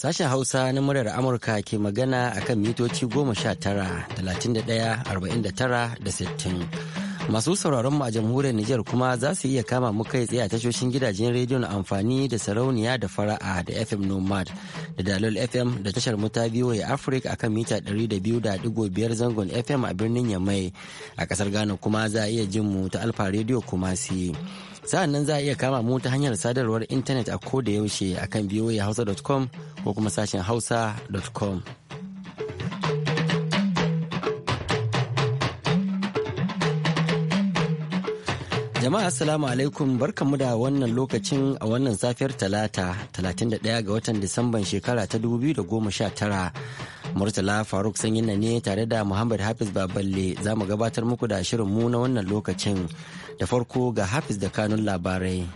Sashen Hausa na muryar Amurka ke magana a kan mitoci goma sha tara, talatin da ɗaya, arba'in tara da sittin. Masu sauraron mu a jamhuriyar Nijar kuma za su iya kama mu kai tsaye a tashoshin gidajen rediyon amfani da sarauniya da fara'a da FM Nomad da Dalol FM da tashar muta VOA Africa a kan mita 200.5 zangon FM a birnin Yamai. A kasar Ghana kuma za a iya jin mu ta Alfa Radio Kumasi. sa'an nan za a iya kama mu ta hanyar sadarwar intanet a ko da yaushe a akan voahausa.com ko kuma sashen hausa.com Jama'a Assalamu alaikum barkanmu da wannan lokacin a wannan safiyar talata 31 ga watan Disamban shekara ta 2019. Murtala Faruk Sanyin ne tare da Muhammad Hafiz Baballe za mu gabatar muku da shirin mu na wannan lokacin. Da farko ga Hafiz da kanun labarai.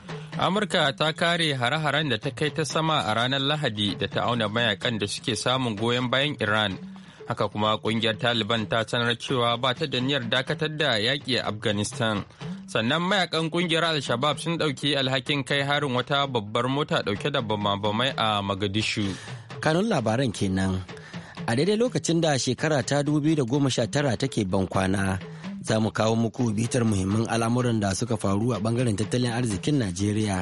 Amurka ta kare hare-haren da ta kai ta sama a ranar Lahadi da ta auna mayakan da suke samun goyon bayan Iran. Haka kuma kungiyar Taliban ta sanar cewa ba ta da niyyar dakatar da yaƙi a Afghanistan. Sannan mayakan kungiyar Al-Shabaab sun ɗauki alhakin kai harin wata babbar mota ɗauke da bama-bamai a Magadishu. Kanun labaran kenan. A daidai lokacin da shekara ta tara take bankwana. kwana. za mu kawo muku bitar muhimman al'amuran da suka faru a bangaren tattalin arzikin Najeriya.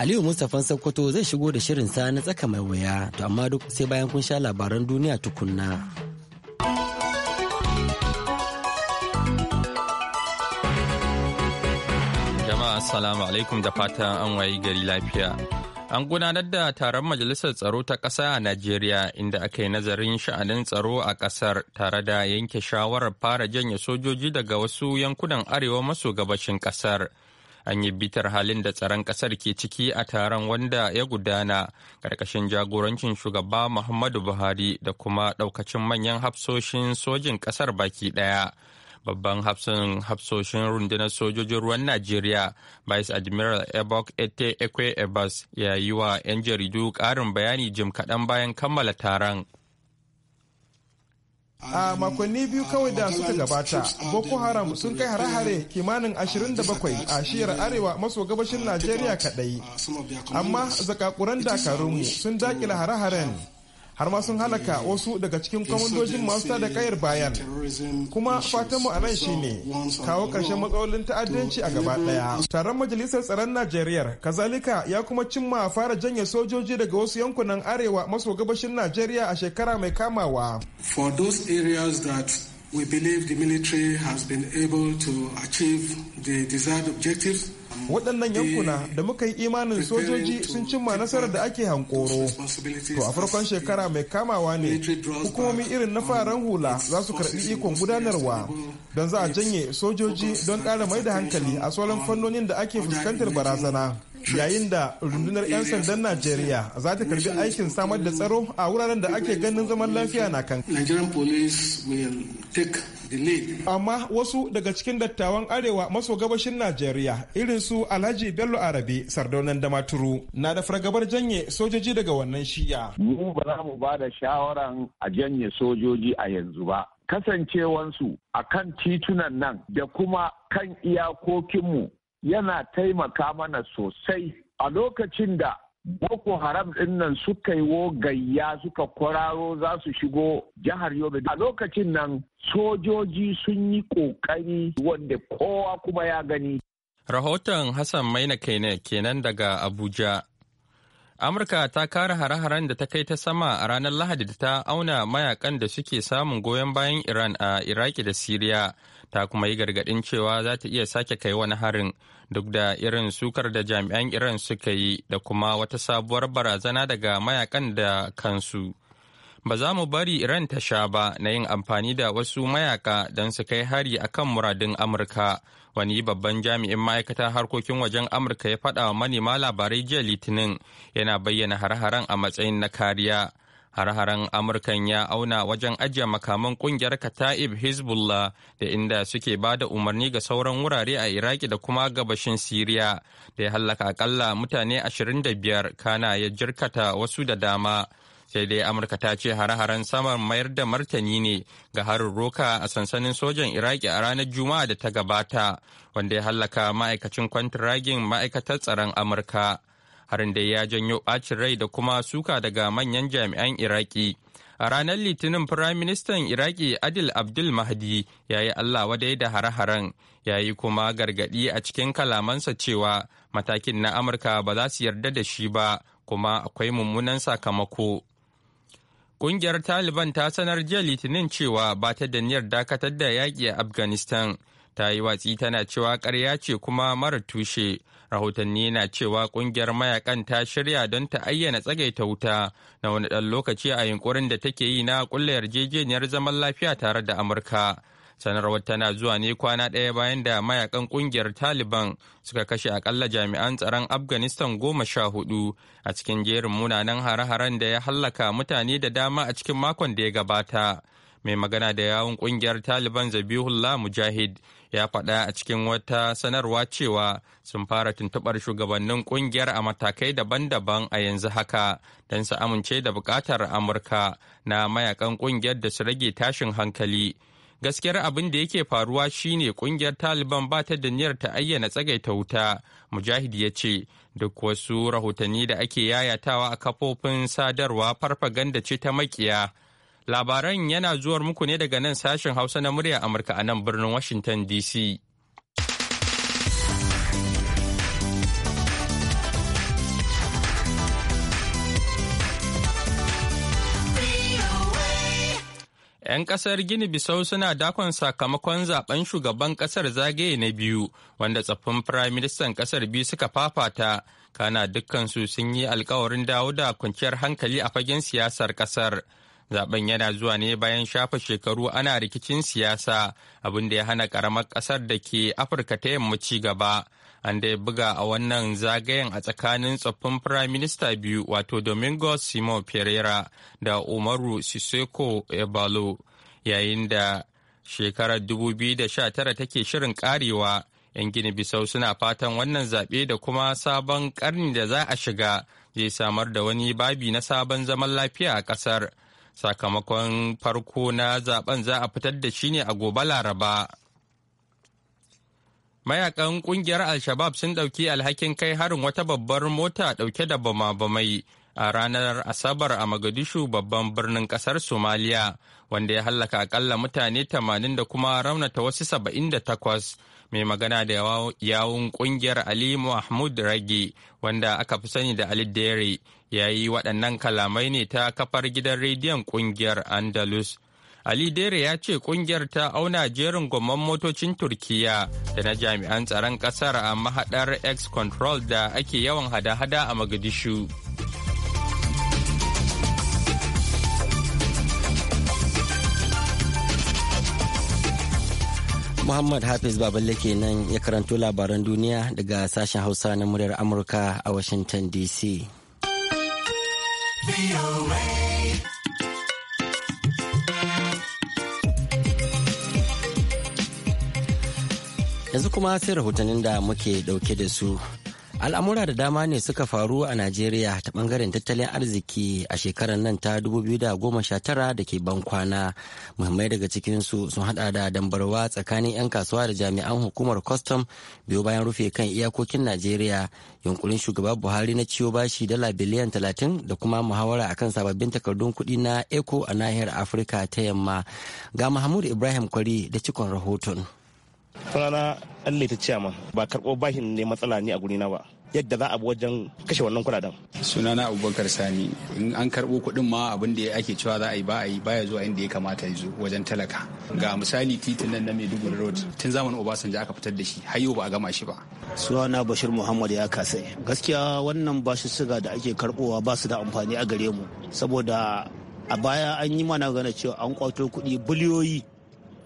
Aliyu Mustapha Sokoto zai shigo da shirin sa na tsaka mai wuya, to amma duk sai bayan kun sha labaran duniya tukunna. Jama'a assalamu alaikum da fatan an wayi gari lafiya. An gudanar da taron Majalisar Tsaro ta ƙasa a Najeriya inda aka yi nazarin sha'anin tsaro a ƙasar tare da yanke shawarar fara janye sojoji daga wasu yankunan arewa maso gabashin ƙasar. An yi bitar halin da tsaron ƙasar ke ciki a taron wanda ya gudana ƙarƙashin jagorancin shugaba Muhammadu Buhari da kuma ɗaukacin manyan hafsoshin sojin ƙasar baki ɗaya. babban hafsin hafsoshin rundunar sojojin ruwan najeriya vice admiral ebok ete ekwe ebas ya yi wa 'yan jaridu karin bayani jim kaɗan bayan kammala taron a makonni biyu kawai da suka gabata boko haram sun kai hare-hare kimanin 27 a shiyar arewa maso gabashin najeriya kadai amma zakakuran dakarunmu sun dakila hare-haren har ma sun halaka wasu daga cikin kwamandojin masu da kayar bayan kuma fatan a shi shine kawo ƙarshen matsalolin ta'addanci a gaba ɗaya taron majalisar tsaron najeriya kazalika ya kuma cimma fara janye sojoji daga wasu yankunan arewa maso gabashin najeriya a shekara mai kamawa for those areas that We believe the military has been able to achieve the desired objectives. waɗannan yankuna da muka yi imanin sojoji sun cimma nasarar da ake hankoro to a farkon shekara mai kamawa ne hukumomi irin na faran hula za su karɓi ikon gudanarwa don za a janye sojoji don ƙara mai da hankali a tsohon fannonin da ake fuskantar barazana yayin da rundunar 'yan sandan najeriya za ta karbi aikin samar da tsaro a wuraren da ake ganin zaman lafiya na kan amma wasu daga cikin dattawan arewa maso gabashin najeriya irin su alhaji bello arabe sardaunan maturu na da fargabar janye sojoji daga wannan shiya mu ba za mu ba da shawaran a janye sojoji a yanzu ba kasancewansu a kan titunan nan da kuma kan iyakokinmu yana taimaka mana sosai a lokacin da Boko Haram ɗin nan suka yi wo gayya suka kwararo za su shigo jihar Yobe. A lokacin nan sojoji sun yi ƙoƙari wanda kowa kuma ya gani. Rahoton Hassan Maina kenan daga Abuja. Amurka ta kara hare-haren da ta kai ta sama a ranar Lahadi da ta auna mayakan da suke samun goyon bayan Iran a Iraki da Siriya, ta kuma yi gargaɗin cewa za ta iya sake kai wani harin duk da irin sukar da jami'an Iran suka yi da kuma wata sabuwar barazana daga mayakan da kansu. Ba za mu bari Iran ta sha ba na yin amfani da wasu mayaka don su kai hari akan muradin Amurka. wani babban jami'in ma'aikatar harkokin wajen amurka ya faɗa wa manema labarai jiya litinin yana bayyana har-haren a matsayin na kariya har-haren amurkan ya auna wajen ajiye makaman kungiyar kata'ib hezbollah da inda suke ba da umarni ga sauran wurare a iraki da kuma gabashin siriya da ya hallaka akalla mutane 25 kana ya jirkata wasu da dama sai dai amurka ta ce hare-haren saman mayar da martani ne ga harin roka a sansanin sojan iraki a ranar juma'a da ta gabata wanda ya hallaka ma'aikacin kwantiragin ma'aikatar tsaron amurka harin da ya janyo ɓacin rai da kuma suka daga manyan jami'an iraki a ranar litinin firaministan iraki adil abdul mahdi ya yi allah wadai da hare-haren ya yi kuma gargadi a cikin kalamansa cewa matakin na amurka ba za su yarda da shi ba kuma akwai mummunan sakamako Ƙungiyar Taliban ta sanar jiya Litinin cewa ba ta da niyyar dakatar da yaƙi a Afghanistan. Ta yi watsi tana cewa ƙarya ce kuma mara tushe. Rahotanni na cewa ƙungiyar mayakan ta shirya don ta ayyana tsagaita wuta na wani ɗan lokaci a yunkurin da take yi na ƙulla yarjejeniyar zaman lafiya tare da Amurka. sanarwar tana zuwa ne kwana ɗaya bayan da mayakan ƙungiyar taliban suka kashe akalla jami'an tsaron afghanistan goma sha hudu a cikin jerin munanan hare-haren da ya hallaka mutane da dama a cikin makon da ya gabata mai magana da yawun ƙungiyar taliban zabihullah mujahid ya faɗa a cikin wata sanarwa cewa sun fara tuntuɓar shugabannin ƙungiyar a matakai daban-daban a yanzu haka don su amince da buƙatar amurka na mayakan ƙungiyar da su rage tashin hankali gaskiyar abin da yake faruwa shine kungiyar taliban ba ta da niyyar ta ayyana tsagaita wuta mujahid ya ce duk wasu rahotanni da ake yayatawa a kafofin sadarwa farfaganda ce ta makiya labaran yana zuwar muku ne daga nan sashen hausa na murya amurka a nan birnin washington dc 'Yan kasar Gini Bisau suna dakon sakamakon zaben shugaban kasar zagaye na biyu wanda tsaffin firaministan kasar biyu suka fafata kana dukkansu sun yi alkawarin dawo da kwanciyar hankali a fagen siyasar kasar. Zaben yana zuwa ne bayan shafa shekaru ana rikicin siyasa abinda ya hana ƙaramar ƙasar da ke Afirka ta yamma ci gaba. an da buga a wannan zagayen a tsakanin tsoffin firaminista biyu wato domingo simon pereira da umaru siseko ebalo yayin da shekarar 2019 take shirin karewa 'yan gini bisau suna fatan wannan zaɓe da kuma sabon karni da za a shiga zai samar da wani babi na sabon zaman lafiya a ƙasar sakamakon farko na zaben za a fitar da shi ne a gobe laraba. mayakan kungiyar al-shabab sun ɗauki alhakin kai harin wata babbar mota ɗauke da bama-bamai a ranar asabar a magadishu babban birnin ƙasar somaliya wanda ya hallaka akalla mutane 80 da kuma raunata wasu 78 mai magana da yawun kungiyar ali mahmud rage wanda aka fi sani da ali dere ya yi waɗannan kalamai ne ta kafar gidan rediyon kungiyar andalus Ali Dere ya ce kungiyar ta auna jerin gwamman motocin Turkiya da na jami'an tsaron kasar a mahaɗar X-Control da ake yawan hada-hada a Magadishu. Muhammad Hafiz Baballe nan ya karanto labaran duniya daga sashen Hausa na muryar Amurka a Washington DC. yanzu kuma sai rahotannin da muke dauke da su al'amura da dama ne suka faru a najeriya ta bangaren tattalin arziki a shekarar nan ta 2019 da ke bankwana kwana muhimmai daga cikinsu sun hada da dambarwa tsakanin 'yan kasuwa da jami'an hukumar kwastam biyo bayan rufe kan iyakokin najeriya yunkurin shugaba buhari na ciwo bashi dala biliyan 30 da kuma muhawara a kan sababbin takardun kuɗi na eco a nahiyar afirka ta yamma ga mahmud ibrahim kwari da cikon rahoton rana an ta ciyaman ba karɓo bashin ne matsala ne a gurina ba yadda za a bi wajen kashe wannan kudaden. sunana abubakar sani in an karɓo kuɗin ma abin da ake cewa za a yi ba a yi baya zuwa inda ya kamata ya zo wajen talaka ga misali titin nan na maiduguri road tun zamanin obasanjo aka fitar da shi har yau ba a gama shi ba sunana bashir muhammad ya kasai gaskiya wannan bashi siga da ake karɓowa ba su da amfani a gare mu saboda a baya an yi mana gane cewa an kwato kuɗi biliyoyi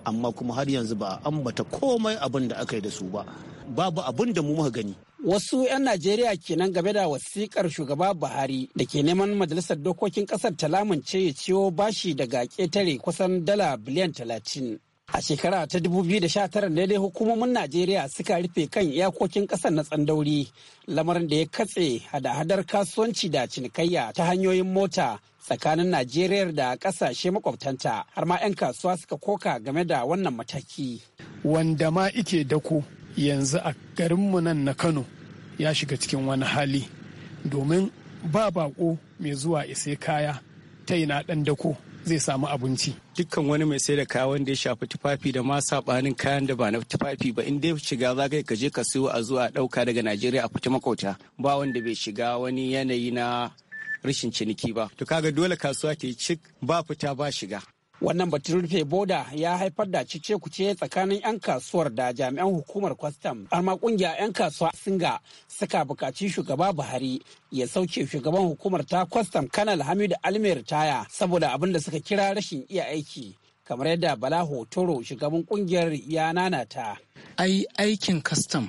amma kuma har yanzu ba a ambata komai abin da aka yi da su ba babu abin da mu muka gani wasu 'yan najeriya kenan game da wasikar shugaba buhari da ke neman majalisar dokokin kasar ta lamunce ya ciwo bashi daga ketare kusan dala biliyan talatin a shekara ta 2019 ne dai hukumomin najeriya suka rufe kan iyakokin kasar na tsandauri lamarin da ya katse hada-hadar kasuwanci da cinikayya ta hanyoyin mota tsakanin Najeriya da kasashe makwabtanta har ma 'yan kasuwa suka koka game da wannan mataki. Wanda ma ike dako yanzu a garinmu nan na Kano ya shiga cikin wani hali domin ba bako mai zuwa isai kaya ta ina ɗan dako zai samu abinci. Dukkan wani mai sai da kaya wanda ya shafi tufafi da ma sabanin kayan da ba na tufafi ba inda ya shiga za ka je ka siyo a zuwa ɗauka daga Najeriya a fita makauta ba wanda bai shiga wani yanayi na rashin ciniki ba to kaga dole kasuwa ta yi cik ba fita ba shiga wannan batun rufe boda ya haifar da cice kuce tsakanin 'yan kasuwar da jami'an hukumar kwastam har ma kungiya 'yan kasuwa singa suka bukaci shugaba buhari ya sauke shugaban hukumar ta kwastam kanal hamidu almer taya saboda abin da suka kira rashin iya aiki kamar yadda bala hotoro shugaban kungiyar ya nanata ai aikin kwastam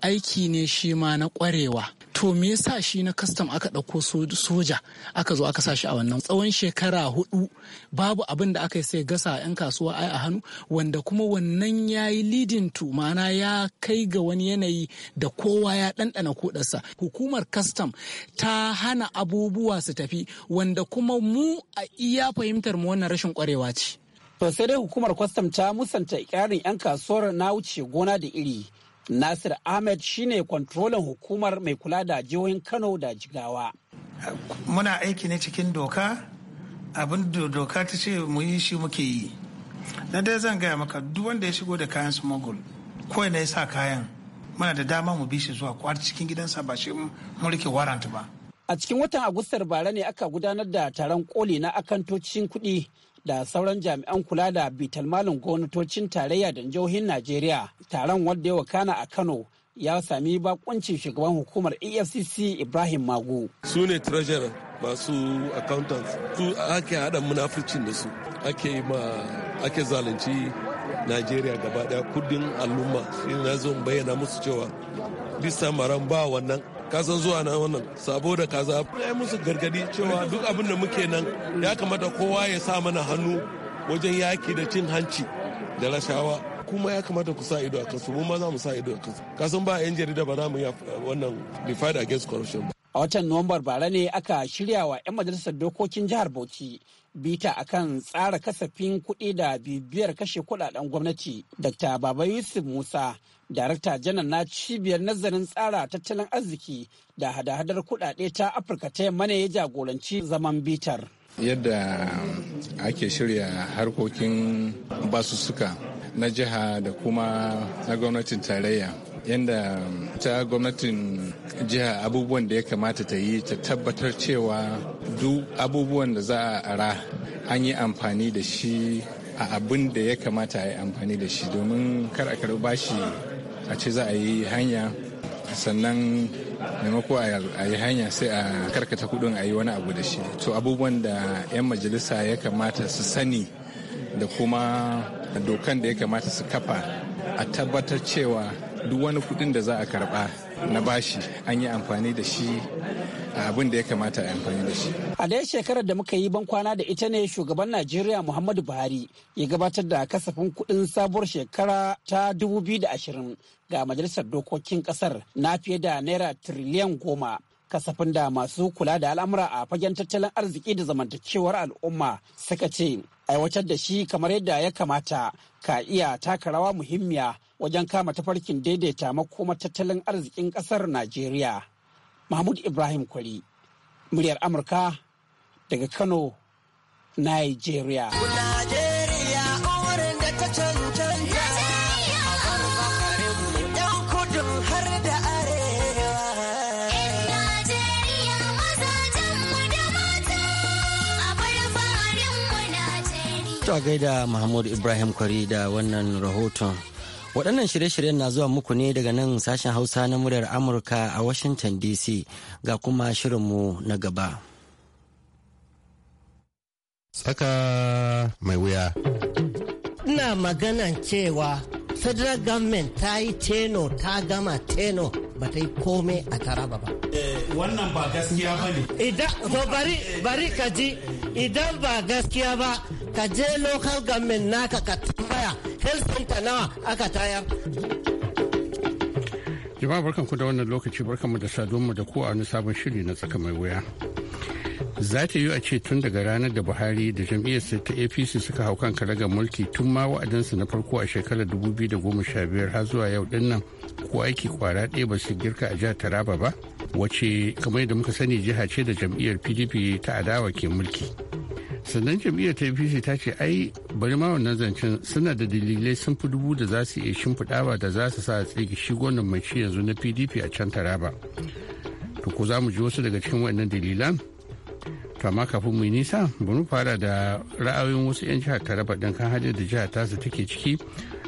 aiki ne shi ma na kwarewa to me yasa shi na kastam aka ɗauko soja aka zo aka sa shi a wannan tsawon shekara hudu babu abin da aka yi sai gasa 'yan kasuwa ai a hannu wanda kuma wannan ya yi leading to ma'ana ya kai ga wani yanayi da kowa ya ɗanɗana kuɗarsa hukumar kastam ta hana abubuwa su tafi wanda kuma mu a iya fahimtar mu wannan rashin kwarewa ce. To sai dai hukumar kwastam ta musanta ƙyarin 'yan kasuwar na wuce gona da iri Nasir Ahmed shine kwantrolan hukumar mai kula da jihohin Kano da Jigawa. Muna aiki ne cikin doka, abin da doka ta ce mu yi shi muke yi. Na dai zan gaya maka duk wanda ya shigo da kayan smuggle ko ya sa kayan muna da dama mu bi shi zuwa kwar cikin gidansa ba shi mun rike warrant ba. A cikin watan Agustar bara ne aka gudanar da taron koli na akantocin kuɗi da sauran jami'an kula da bitalmalin gwamnatocin tarayya da jihohin najeriya taron wanda ya wakana a kano ya sami bakuncin shugaban hukumar efcc ibrahim magu su ne treasurer masu accountants su ake haɗa munafurcin da su ake ma ake zalunci najeriya gaba daya kudin al'umma shi na zo bayyana musu cewa bisa maran ba wannan kasan san zuwa na wannan sabo da kaza ya musu gargadi cewa duk abin da muke nan ya kamata kowa ya sa mana hannu wajen yaki da cin hanci da rashawa kuma ya kamata ku sa ido a kansu mu ma za mu sa ido a kansu kasan ba yan jarida ba za mu yi wannan fight against corruption ba a watan nuwambar bara ne aka shirya wa 'yan majalisar dokokin jihar bauchi bita akan tsara kasafin kuɗi da bibiyar kashe kuɗaɗen gwamnati dr baba yusuf musa darakta janar na cibiyar nazarin tsara tattalin arziki da hada-hadar kudade ta afirka ta yamma ne ya jagoranci zaman bitar yadda ake shirya harkokin basussuka na jiha da kuma na gwamnatin tarayya yadda ta gwamnatin jiha abubuwan da ya kamata ta yi ta tabbatar cewa duk abubuwan da za a ara an yi amfani da shi a abin da ya kamata a yi amfani da shi domin kar a karɓi bashi a ce za a yi hanya sannan maimako a yi hanya sai a karkata kudin a yi wani abu da shi to abubuwan da 'yan majalisa ya kamata su sani da kuma dokan da ya kamata su kafa a tabbatar cewa duk wani kuɗin da za a karba na bashi an yi amfani da shi a abin da ya kamata a amfani da shi. A dai shekarar da muka yi ban kwana da ita ne shugaban Najeriya Muhammadu Buhari ya gabatar da kasafin kudin sabuwar shekara ta 2020 ga Majalisar Dokokin kasar na fiye da Naira tiriliyan goma. kasafin da masu kula da al'amura a fagen tattalin arziki da zamantakewar al'umma suka ce aiwatar da shi kamar yadda ya kamata ka iya taka rawa muhimmiya wajen kama tafarkin daidaita makoma tattalin arzikin ƙasar Najeriya. Mahmud Ibrahim Kwari, muryar Amurka daga Kano, Najeriya. Ta gaida Mahmud Ibrahim Kwari da wannan rahoton. Waɗannan shirye-shiryen na zuwa muku ne daga nan sashen Hausa na muryar Amurka a Washington DC ga kuma shirinmu na gaba. Tsaka mai wuya. Ina maganan cewa federal government ta yi teno ta gama teno ba ta yi kome a taraba ba. Eh, wannan ba gaskiya ba ne. Idan bari ka idan ba gaskiya ba ka je local government naka ka tambaya health center nawa aka tayar jama'a barkan ku da wannan lokaci barkan mu da saduwa da ku a wani sabon shiri na tsaka mai wuya za ta yi a ce tun daga ranar da buhari da jam'iyyarsa ta apc suka hau kan karagar mulki tun ma wa'adansu na farko a shekarar biyar har zuwa yau din nan ko aiki kwara ɗaya ba su girka a jihar taraba ba wace kamar yadda muka sani jiha ce da jam'iyyar pdp ta adawa ke mulki sannan jam'iyyar ta yi ta ce ai bari ma wannan zancen suna da dalilai sun fi dubu da za su iya shimfiɗawa da za su sa a tsige shi mai ci yanzu na pdp a can taraba to ko za mu ji wasu daga cikin wannan dalilan to amma kafin mu nisa bari fara da ra'ayoyin wasu 'yan jihar taraba ɗin kan halin da jihar tasu take ciki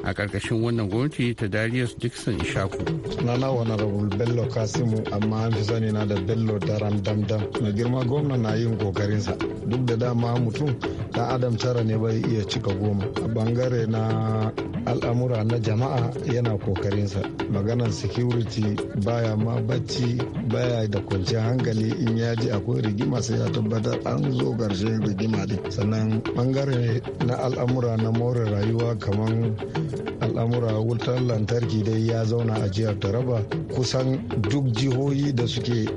a karkashin wannan gwamnati ta darius dixon ishaku na na wani rabu bello kasimu amma an fi sani na da bello daran damdam mai girma gwamna na yin kokarinsa duk da dama mutum dan adam tara ne bai iya cika goma a bangare na al'amura na jama'a yana kokarinsa maganan security baya ma bacci baya da kwanciyar hankali in ya ji akwai rigima sai ya tabbatar an zo ƙarshen rigima din sannan bangare na al'amura na more rayuwa kamar al'amura wutar lantarki dai ya zauna a jihar taraba kusan duk jihohi da suke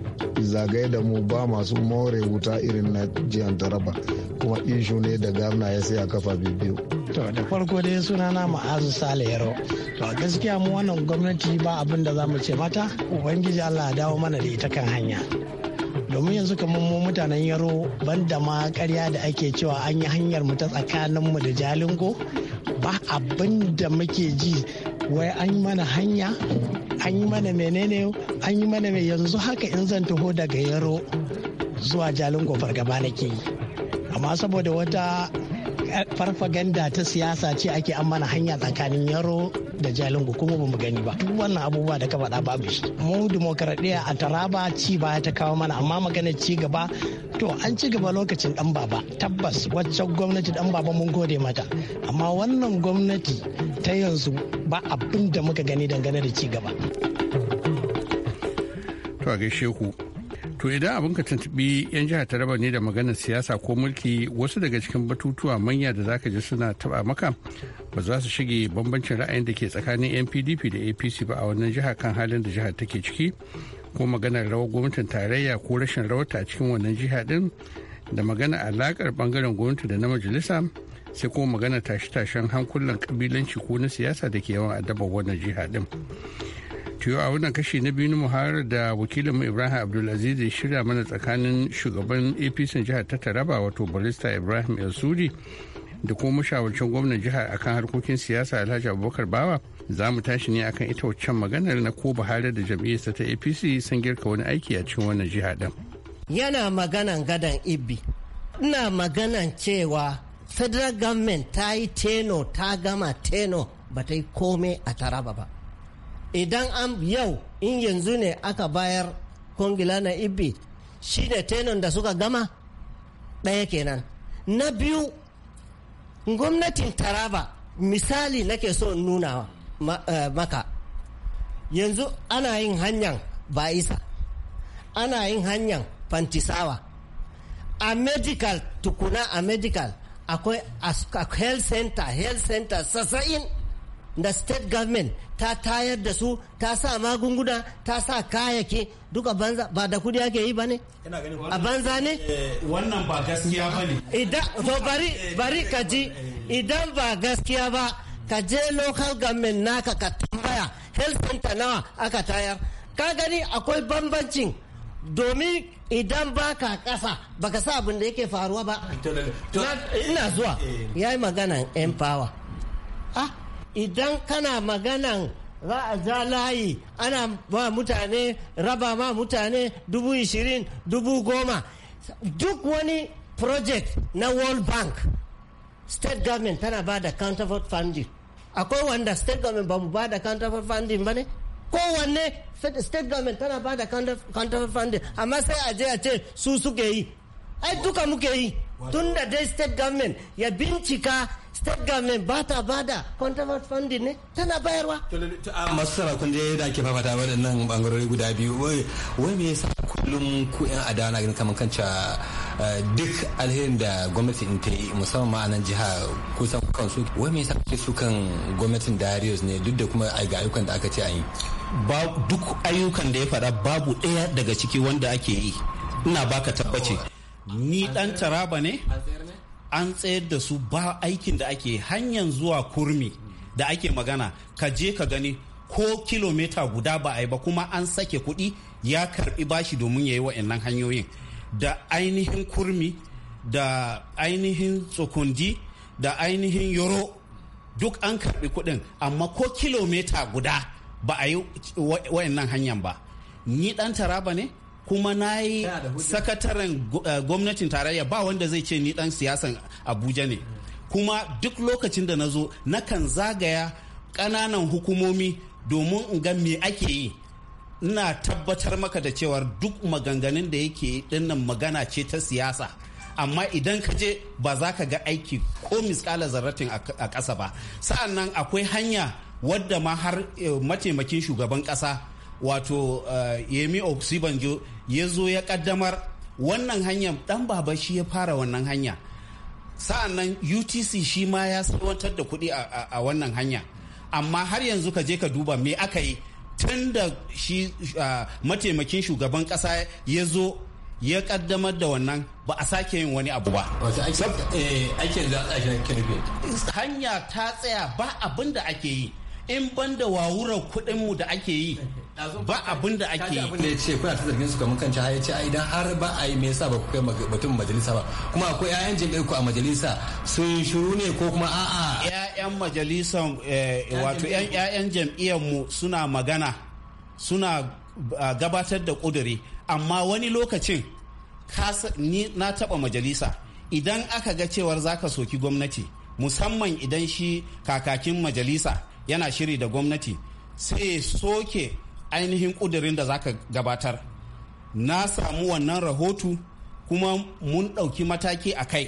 zagaye da mu ba masu more wuta irin na jihar taraba kuma ishu ne da gamna ya sai a kafa biyu to da farko dai suna na ma'azu sale yaro to gaskiya mu wannan gwamnati ba abin da za mu ce mata ubangiji allah dawo mana da ita kan hanya domin yanzu kamar mu mutanen yaro banda ma karya da ake cewa an yi hanyar mu ta tsakaninmu da jalingo ba abin da muke ji wai an yi mana hanya an yi mana menene an yi mana mai yanzu haka in zan taho daga yaro zuwa jalin kofar gaba nake yi amma saboda wata farfaganda ta siyasa ce ake an mana hanya tsakanin yaro da jalingo kuma ba mu gani ba duk wannan abubuwa da ka faɗa babu shi mu dimokuraɗiyya a taraba ci baya ta kawo mana amma maganar ci gaba to an ci gaba lokacin dan baba tabbas waccan gwamnati dan baba mun gode mata amma wannan gwamnati ta yanzu ba abin da muka gani dangane da ci gaba to a To idan abin ka tuntubi 'yan jihar Taraba ne da maganar siyasa ko mulki wasu daga cikin batutuwa manya da zaka ji suna taba maka ba za su shige bambancin ra'ayin da ke tsakanin NPDP da APC ba a wannan jiha kan halin da jihar take ciki ko maganar rawar gwamnatin tarayya ko rashin rawarta a cikin wannan jiha din da magana alakar bangaren gwamnati da na majalisa sai kuma magana tashe-tashen hankulan kabilanci ko na siyasa da ke yawan addabar wannan jiha din. to a wannan kashi na biyu na muharar da wakilin mu ibrahim abdulaziz ya shirya mana tsakanin shugaban apc jihar ta taraba wato barista ibrahim yasuri da kuma mashawarcin gwamnan jihar akan harkokin siyasa alhaji abubakar bawa za mu tashi ne akan ita waccan maganar na ko buhari da jam'iyyarsa ta apc sun girka wani aiki a cikin wannan jiha din yana maganan gadan ibi ina maganan cewa federal government ta yi teno ta gama teno ba ta yi komai a taraba ba idan an yau in yanzu ne aka bayar kongila na ibi shine tenon da suka gama ɗaya kenan na biyu gwamnatin taraba misali nake so nuna eh, maka yanzu ana yin hanyar ba'isa ana yin hanyar fantisawa a medical tukuna a medical akwai health center health center sassa'in da state government ta tayar da su ta sa magunguna ta sa kayake duk a banza ba da kudi ake yi ba ne a banza ne eh, wannan ba gaskiya ba ne idan to bari eh, bari eh, ka ji idan ba gaskiya ba ka je local government naka ka tambaya health center nawa aka tayar ka gani akwai bambancin domin idan ba ka kasa ka sa abin da yake faruwa ba ina zuwa ya yi maganan empower ah idan kana maganan za a ja layi ana ba mutane raba ma mutane dubu ishirin dubu goma duk wani project na world bank state government tana ba da counterfeit funding akwai wanda state government ba mu ba da counterfeit funding ba ne kowanne state government tana ba da counterfeit funding amma sai a je a ce su suke yi ai duka muke yi tun da dai state government ya bincika state government ba ta ba da contract funding ne tana bayarwa. masu sarakun da ya dake fafata waɗannan bangarori guda biyu wai me yasa kullum ku yan adana na ganin kamar kanca eh, duk alherin da gwamnati in ta yi musamman ma a nan jiha kusan kansu wai me yasa kuke su kan gwamnatin darius ne duk da kuma ga ayyukan da aka ce an yi. duk ayyukan da ya faɗa babu ɗaya daga ciki wanda ake yi ina baka tabbaci oh. ni dan taraba ne an tsayar da su ba aikin da ake hanyar zuwa kurmi da ake magana ka je ka gani ko kilomita guda ba a yi ba kuma an sake kuɗi ya karɓi bashi domin ya yi wa'annan hanyoyin da ainihin kurmi da ainihin tsokundi da ainihin yoro duk an karɓi kuɗin amma ko kilomita guda ba a yi wa'annan hanyan ba ni ɗan taraba ne kuma na yi sakataren eh, gwamnatin tarayya ba wanda zai ce ni dan siyasan abuja ne kuma duk lokacin da na zo nakan zagaya ƙananan hukumomi domin in ga me ake yi ina tabbatar maka da cewar duk maganganun da yake dinnan magana ce ta siyasa amma idan ka je ba za ka ga aiki ko miskala zarratin a ƙasa ba sa'an nan akwai hanya wadda ma har eh, mataimakin shugaban ƙasa wato eh, yemi oksibanjo ya zo ya kaddamar wannan hanyar dan baba shi ya fara wannan hanya sa'an nan utc shi ma ya tsawantar da kuɗi a wannan hanya amma har yanzu ka je ka duba me aka yi tun da shi eh, mataimakin shugaban ƙasa ya zo ya kaddamar da wannan ba a sake yin wani abu ba. Eh, hanya ta tsaya ba abin da ake yi. in ban da wawurar mu da ake yi ba abin da ake yi abin da ya ce kuna ta zargin su kamar kanci ya ce idan har ba a yi me yasa ba ku kai batun majalisa ba kuma akwai ƴaƴan jami'ai ku a majalisa sun shiru ne ko kuma a'a ƴaƴan majalisan eh, wato ƴan ƴaƴan jam'iyyar mu suna magana suna ah, gabatar da ƙuduri amma wani lokacin ni na taɓa majalisa idan aka ga cewar zaka soki gwamnati musamman idan shi kakakin majalisa yana shiri da gwamnati sai ya soke ainihin kudirin da zaka gabatar na samu wannan rahoto kuma mun ɗauki mataki a kai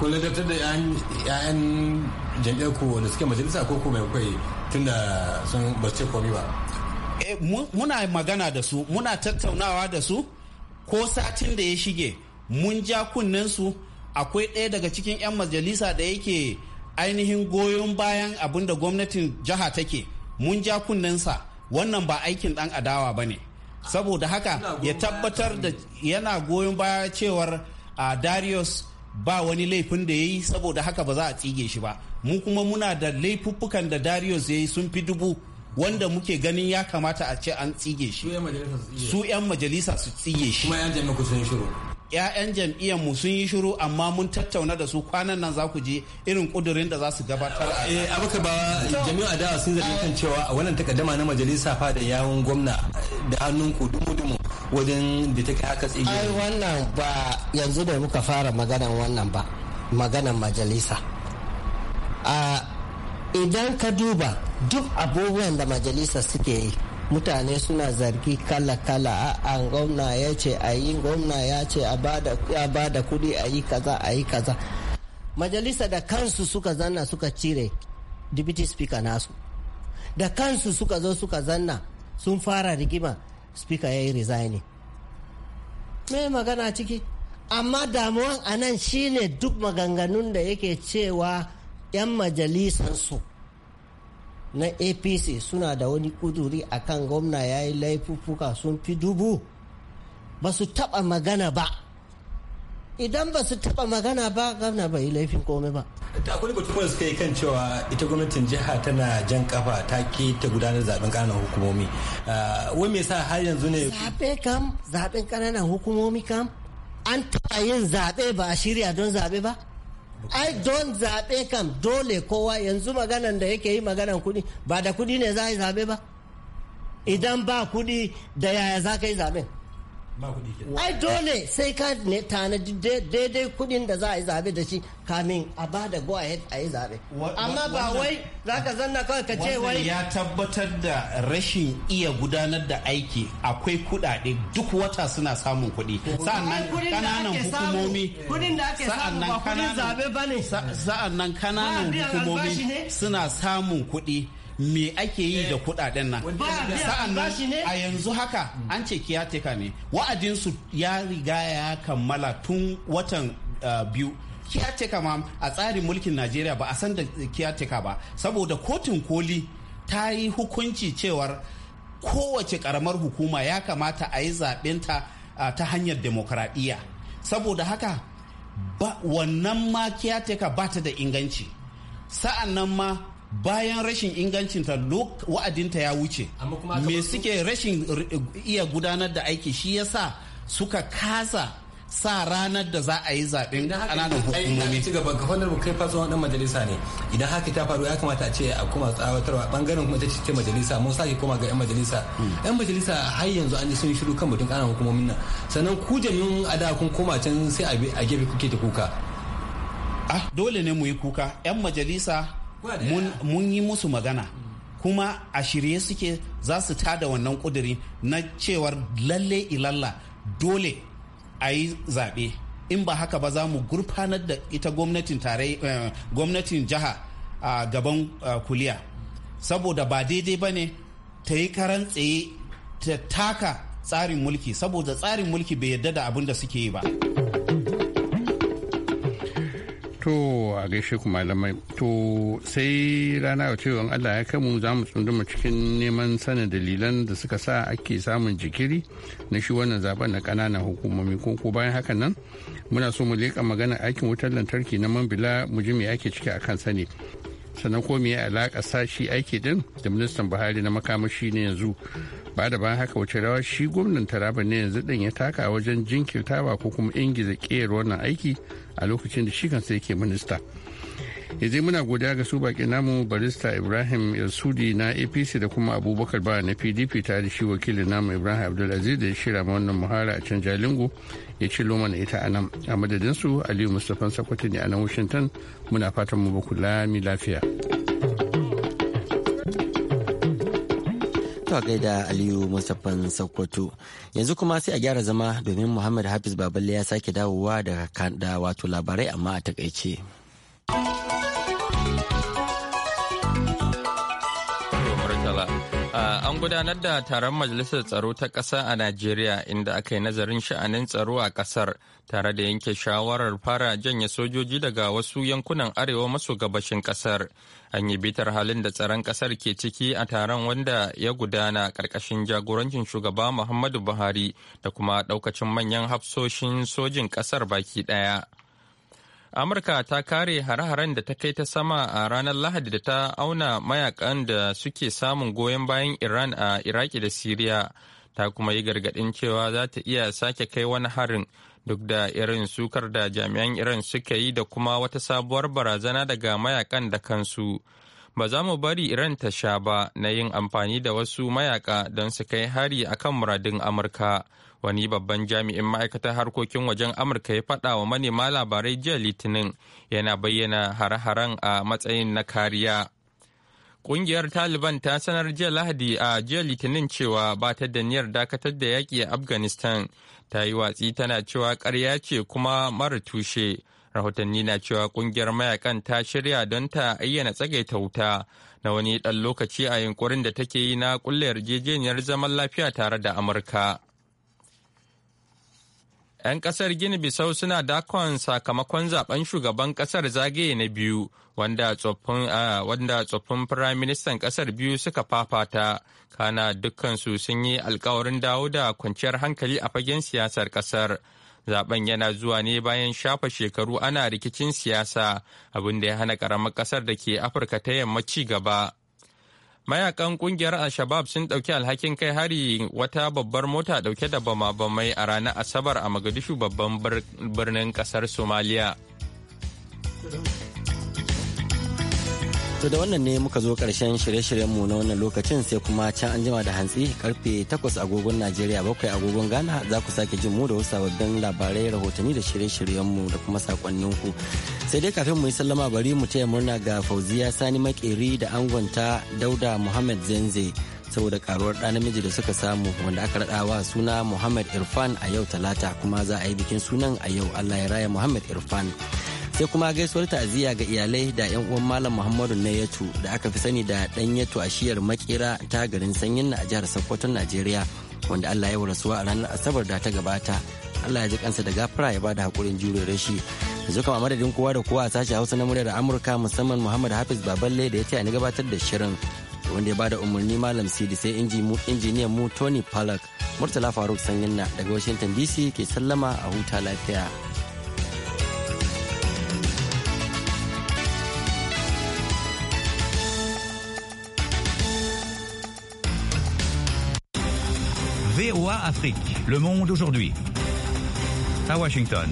da ladabtar da 'ya'yan jami'ar ku wanda suke majalisa ko kuma kai tunda sun ba ce komi ba eh, muna magana da su muna tattaunawa da su ko satin da ya shige mun ja kunnen su akwai ɗaya daga cikin 'yan majalisa da yake ainihin goyon bayan abin da gwamnatin jiha take mun ja kunnensa wannan ba aikin dan adawa ba ne saboda haka ya tabbatar da yana goyon baya cewar a darius ba wani laifin da ya yi saboda haka ba za a tsige shi ba mu kuma muna da laifuffukan da darius ya yi sun fi dubu wanda muke ganin ya kamata a ce an tsige shi su 'yan majalisa su tsige shi kuma 'ya'yan jam'iyyar mu sun yi shiru amma mun tattauna da su kwanan nan za ku je irin kudurin da za su gabatar a eh abuka ba jami'a adawa sun zargi kan cewa a wannan takaddama na majalisa fa da yawun gwamna da hannun ku dumu dumu wajen da take haka tsige ai wannan ba yanzu da muka fara maganan wannan ba maganan majalisa a ah, idan ka duba duk abubuwan da majalisa suke yi mutane suna zargi kala-kala a gwamna ya ce a yi gwamna ya ce a ba da kudi a yi kaza a yi kaza majalisa da kansu suka zanna suka cire deputy speaker nasu da kansu suka zo suka zanna sun fara rigima speaker ya yi resigning me magana ciki amma damuwan anan shine duk maganganun da yake cewa 'yan majalisansu su na apc suna da wani kuduri a kan gwamna ya yi laifuka sun fi dubu ba su taɓa magana ba idan ba su taɓa magana ba gwamna bai yi laifin komai ba da akwai batu da suka yi kan cewa ita gwamnatin jiha tana jan kafa ta ke ta gudanar zaben kananan hukumomi ah, wai me sa har yanzu ne zaɓe kam zaben kananan hukumomi kam an taɓa yin zaɓe ba a shirya don zaɓe ba ai don zaɓe kam dole kowa yanzu maganan da yake yi maganan kuɗi ba da kuɗi ne za a yi zaɓe ba idan ba kuɗi da yaya za ka yi zaɓen ai dole sai ka ne tanadi daidai kudin da za a yi zabe da shi kamin a ba da go ahead a yi zabe amma ba wai za ka zanna kawai ka ce wai ya tabbatar da rashin iya gudanar da aiki akwai kudade duk wata suna samun kudi sa'annan kananan hukumomi kudin da ake samu ba bane sa'annan kananan hukumomi suna samun kudi me ake yi da kudaden nan sa'an nan a yanzu haka mm. an ce kiyatika ne wa'adinsu ya riga ya kammala tun watan uh, biyu kiyatika ma a tsarin mulkin najeriya ba a san da kiyatika ba saboda kotun koli ta yi hukunci cewar kowace karamar hukuma ya kamata a yi zaɓenta uh, ta hanyar demokradiyya saboda haka wannan ma kiyatika ba ta da inganci sa'an nan ma bayan rashin ingancinta wa'adinta ya wuce me suke rashin iya gudanar da aiki shi ya sa suka kasa sa ranar da za a yi zaben ƙananan hukumomi. Ci gaba gafanar mu kai fasuwan majalisa ne. Idan haka ta faru ya kamata a ce a kuma tsawatarwa bangaren kuma ta ce majalisa mun sake koma ga yan majalisa. Yan hmm. majalisa har yanzu an ji sun shiru kan batun ƙananan hukumomin nan. Sannan ku jami'un ada kun koma can sai a gefe kuke ta kuka. Ah dole ne mu yi kuka yan majalisa mun yi musu magana kuma a shirye suke za su tada wannan kuduri na cewar lalle ilalla dole a yi zaɓe in ba haka ba za mu gurfanar da ita gwamnatin eh, gwamnatin jiha a gaban eh, kuliya saboda ba daidai ba ne ta yi karan tsaye ta taka tsarin mulki saboda tsarin mulki bai yarda da abin da suke yi ba. To a gaishe ku malamai. To sai rana a cewa Allah ya kamu za mu tsunduma cikin neman sanin dalilan da suka sa ake samun jikiri na shi wannan zaben na kananan hukumomi ko ko bayan hakan nan muna so mu leƙa magana aikin wutar lantarki na Mambila mu ji me ake ciki a kan sani. sannan ko me alaka sashi aiki din da ministan buhari na makamashi ne yanzu ba da ban haka wace rawa shi gwamnan taraba ne yanzu din ya taka wajen jinkirtawa ko kuma ingiza kera wannan aiki a lokacin da shi kansa yake minista yanzu muna godiya ga su baki namu barista ibrahim yasudi na apc da kuma abubakar ba na pdp ta da shi wakilin namu ibrahim abdulaziz da ya shirya ma wannan muhara a can jalingo ya ci mana ita anan a madadin su aliyu mustapha sakwati ne a nan washington muna fatan mu baku lami lafiya To gaida Aliyu Mustapha Sokoto. Yanzu kuma sai a gyara zama domin Muhammad Hafiz Baballe ya sake dawowa da wato labarai amma a takaice. An gudanar da taron Majalisar Tsaro ta ƙasa a Najeriya inda aka yi nazarin sha'anin tsaro a ƙasar tare da yanke shawarar fara janye sojoji daga wasu yankunan arewa maso gabashin ƙasar. An yi bitar halin da tsaron ƙasar ke ciki a taron wanda ya gudana ƙarƙashin jagorancin shugaba Muhammadu Buhari da kuma ɗaukacin manyan hafsoshin sojin ƙasar baki ɗaya. amurka ta kare hare-haren da ta kai ta sama a ranar lahadi da ta auna mayakan da suke samun goyon bayan iran a iraki da siriya ta kuma yi gargaɗin cewa za ta iya sake kai wani harin duk da irin sukar da jami'an iran suka yi da kuma wata sabuwar barazana daga mayakan da kansu ba za mu bari iran ta sha ba na yin amfani da wasu mayaka don su kai hari akan muradin amurka wani babban jami'in ma'aikatar harkokin wajen amurka ya faɗa wa manema labarai jiya litinin yana bayyana hare-haren a matsayin na kariya Ƙungiyar Taliban ta sanar jiya Lahadi a jiya Litinin cewa ba ta da niyyar dakatar da yaƙi a Afghanistan. Ta yi watsi tana cewa karya ce kuma mara tushe. Rahotanni na cewa ƙungiyar mayakan ta shirya don ta ayyana tsagaita wuta na wani ɗan lokaci a yunkurin da take yi na ƙulla yarjejeniyar zaman lafiya tare da Amurka. 'Yan ƙasar Gini Bisau suna dakon sakamakon zaben shugaban ƙasar zagaye na biyu wanda tsoffin firaministan ƙasar biyu suka fafata. Kana dukkansu sun yi alkawarin dawo da kwanciyar hankali a fagen siyasar ƙasar. zaben yana zuwa ne bayan shafa shekaru ana rikicin siyasa abinda ya hana ƙaramar ƙasar da ke afirka ta yamma ci gaba mayakan kungiyar al-shabab sun ɗauki alhakin kai hari wata babbar mota dauke da bama-bamai a ranar asabar a magadishu babban birnin ƙasar somaliya To da wannan ne muka zo karshen shirye-shiryenmu na wannan lokacin sai kuma can an jima da hantsi karfe 8 agogon Najeriya bakwai agogon Ghana za ku sake jin mu da wasu sababbin labarai rahotanni da shirye-shiryenmu da kuma sakonninku. Sai dai kafin mu yi sallama bari mu taya murna ga Fauziya Sani Makeri da angonta Dauda Muhammad Zenze saboda karuwar ɗa namiji da suka samu wanda aka raɗa wa suna Muhammad Irfan a yau talata kuma za a yi bikin sunan a yau Allah ya raya Muhammad Irfan. sai kuma gaisuwar ta'aziyya ga iyalai da 'yan uwan malam muhammadu na yatu da aka fi sani da dan yatu a shiyar makera ta garin sanyin na a jihar sokoton najeriya wanda allah ya rasuwa a ranar asabar da ta gabata allah ya ji kansa da gafara ya bada hakurin jure rashi yanzu kama madadin kowa da kowa a sashi hausa na muryar amurka musamman muhammad hafiz baballe da ya taya ni gabatar da shirin wanda ya bada umarni malam sidi sai injiniyan mu tony palak murtala faruk sanyin na daga washington dc ke sallama a huta lafiya Afrique. Le monde aujourd'hui. À Washington.